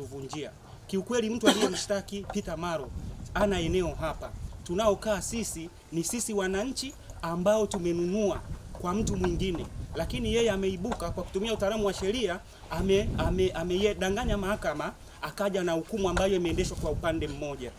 kutuvunjia. Kiukweli, mtu aliyemshtaki Peter Maro ana eneo hapa. Tunaokaa sisi ni sisi wananchi ambao tumenunua kwa mtu mwingine, lakini yeye ameibuka kwa kutumia utaalamu wa sheria, ameyedanganya ame, ame mahakama akaja na hukumu ambayo imeendeshwa kwa upande mmoja.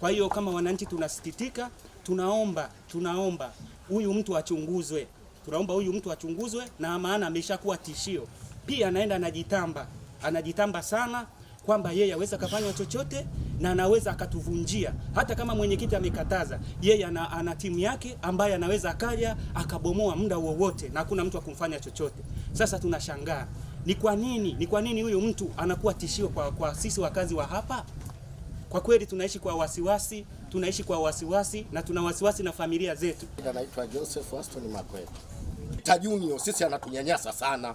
Kwa hiyo kama wananchi tunasikitika, tunaomba tunaomba huyu mtu achunguzwe, tunaomba huyu mtu achunguzwe, na maana ameshakuwa tishio. Pia anaenda anajitamba, anajitamba sana kwamba yeye aweza akafanya chochote na anaweza akatuvunjia, hata kama mwenyekiti amekataza, yeye ana, ana timu yake ambaye anaweza akaja akabomoa muda wowote na hakuna mtu akumfanya chochote. Sasa tunashangaa ni kwa nini, ni kwa nini huyu mtu anakuwa tishio kwa, kwa sisi wakazi wa hapa. Kwa kweli tunaishi kwa wasiwasi, tunaishi kwa wasiwasi na tuna wasiwasi na familia zetu. Anaitwa Joseph Aston Makwe Tajunio sisi anatunyanyasa sana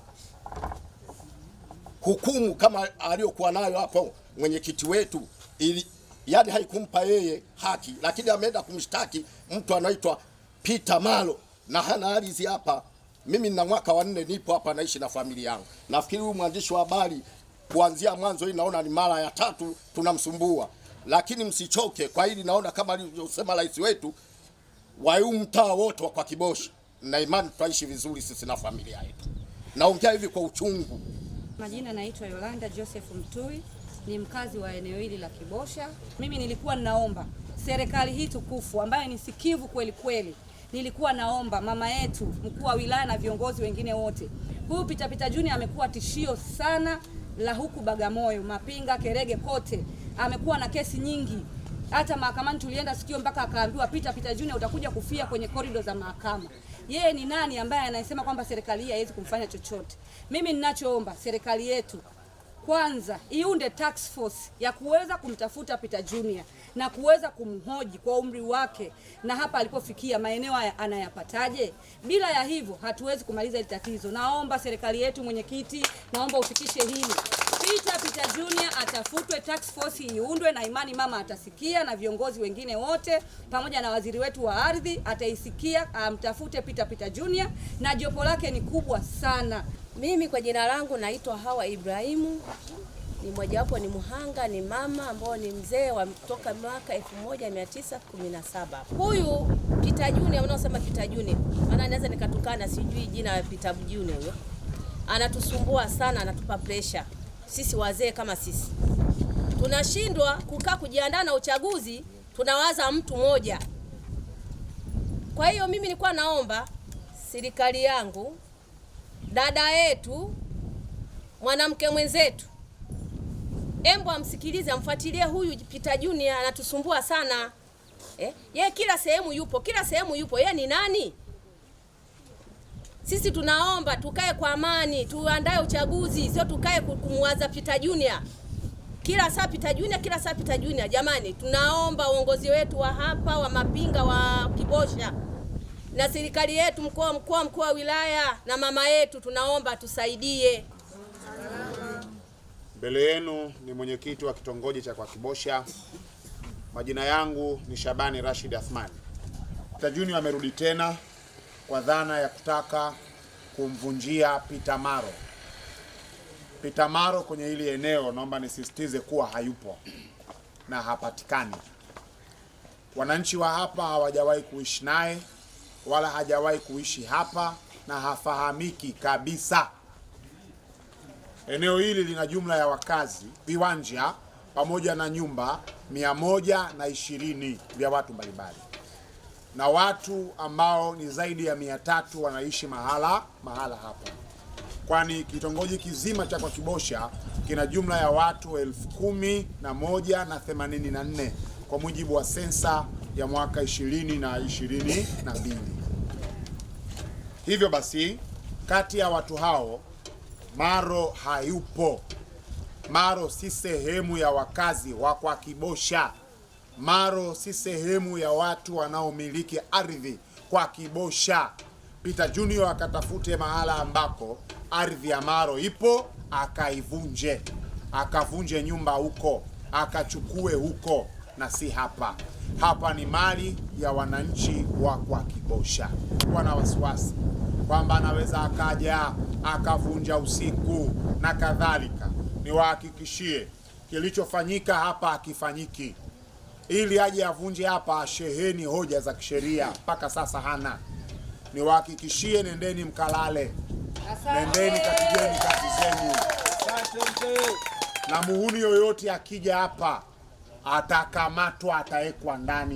hukumu kama aliyokuwa nayo hapo mwenyekiti wetu ili, yani haikumpa yeye haki, lakini ameenda kumshtaki mtu anaitwa Peter Malo na hana ardhi hapa. Mimi nina mwaka wa nne nipo hapa, naishi na familia yangu. Nafikiri huyu mwandishi wa habari kuanzia mwanzo hii naona ni mara ya tatu tunamsumbua, lakini msichoke kwa hili. Naona kama alivyosema rais wetu waiu mtaa wote kwa Kibosho, na imani tutaishi vizuri sisi na familia yetu. Naongea hivi kwa uchungu. Majina naitwa Yolanda Joseph Mtui, ni mkazi wa eneo hili la Kibosha. Mimi nilikuwa naomba serikali hii tukufu ambayo ni sikivu kweli kweli, nilikuwa naomba mama yetu mkuu wa wilaya na viongozi wengine wote, huyu Pitapita Junior amekuwa tishio sana la huku Bagamoyo, Mapinga, Kerege, kote amekuwa na kesi nyingi hata mahakamani tulienda sikio mpaka akaambiwa pita pita Junior utakuja kufia kwenye korido za mahakama. Yeye ni nani ambaye anasema kwamba serikali hii haiwezi kumfanya chochote? Mimi ninachoomba serikali yetu kwanza iunde task force ya kuweza kumtafuta Peter Junior na kuweza kumhoji kwa umri wake na hapa alipofikia maeneo haya anayapataje. Bila ya hivyo hatuwezi kumaliza hili tatizo. Naomba serikali yetu, mwenyekiti, naomba ufikishe hili Peter Peter Junior atafutwe, task force iundwe, na imani mama atasikia, na viongozi wengine wote pamoja na waziri wetu wa ardhi ataisikia, amtafute Peter Peter Junior, na jopo lake ni kubwa sana. Mimi kwa jina langu naitwa Hawa Ibrahimu, ni mojawapo, ni mhanga, ni mama ambao ni mzee wa toka mwaka 1917. Huyu Peter Junior unaosema Peter Junior, maana naweza nikatukana, sijui jina la Peter Junior huyo, anatusumbua sana, anatupa pressure sisi wazee kama sisi tunashindwa kukaa kujiandaa na uchaguzi, tunawaza mtu mmoja. Kwa hiyo mimi nilikuwa naomba serikali yangu, dada yetu, mwanamke mwenzetu, embo amsikilize, amfuatilie huyu Peter Junior, anatusumbua sana eh. Ye kila sehemu yupo, kila sehemu yupo. ye ni nani? Sisi tunaomba tukae kwa amani, tuandae uchaguzi, sio tukae kumwaza Peter Junior kila saa Peter Junior, kila saa Peter Junior. Jamani, tunaomba uongozi wetu wa hapa wa Mapinga wa Kibosha na serikali yetu, mkoa mkoa mkoa wa wilaya na mama yetu, tunaomba tusaidie. Mbele yenu ni mwenyekiti wa kitongoji cha kwa Kibosha. Majina yangu ni Shabani Rashid Athmani. Peter Junior amerudi tena kwa dhana ya kutaka kumvunjia Peter Maro. Peter Maro kwenye hili eneo, naomba nisisitize kuwa hayupo na hapatikani. Wananchi wa hapa hawajawahi kuishi naye wala hajawahi kuishi hapa na hafahamiki kabisa. Eneo hili lina jumla ya wakazi, viwanja pamoja na nyumba mia moja na ishirini vya watu mbalimbali na watu ambao ni zaidi ya mia tatu wanaishi mahala mahala hapa, kwani kitongoji kizima cha kwa kibosha kina jumla ya watu elfu kumi na moja na themanini na nne kwa mujibu wa sensa ya mwaka ishirini na ishirini na mbili. Hivyo basi kati ya watu hao Maro hayupo. Maro si sehemu ya wakazi wa kwa kibosha Maro si sehemu ya watu wanaomiliki ardhi kwa kibosha. Peter Junior akatafute mahala ambako ardhi ya Maro ipo, akaivunje, akavunje nyumba huko, akachukue huko na si hapa. Hapa ni mali ya wananchi wa kwa kibosha. Kuwa na wasiwasi kwamba anaweza akaja akavunja usiku na kadhalika, niwahakikishie kilichofanyika hapa hakifanyiki ili aje avunje hapa sheheni hoja za kisheria, mpaka sasa hana. Niwahakikishie, nendeni mkalale, nendeni kapigeni kazi zenu, na muhuni yoyote akija hapa atakamatwa, atawekwa ndani.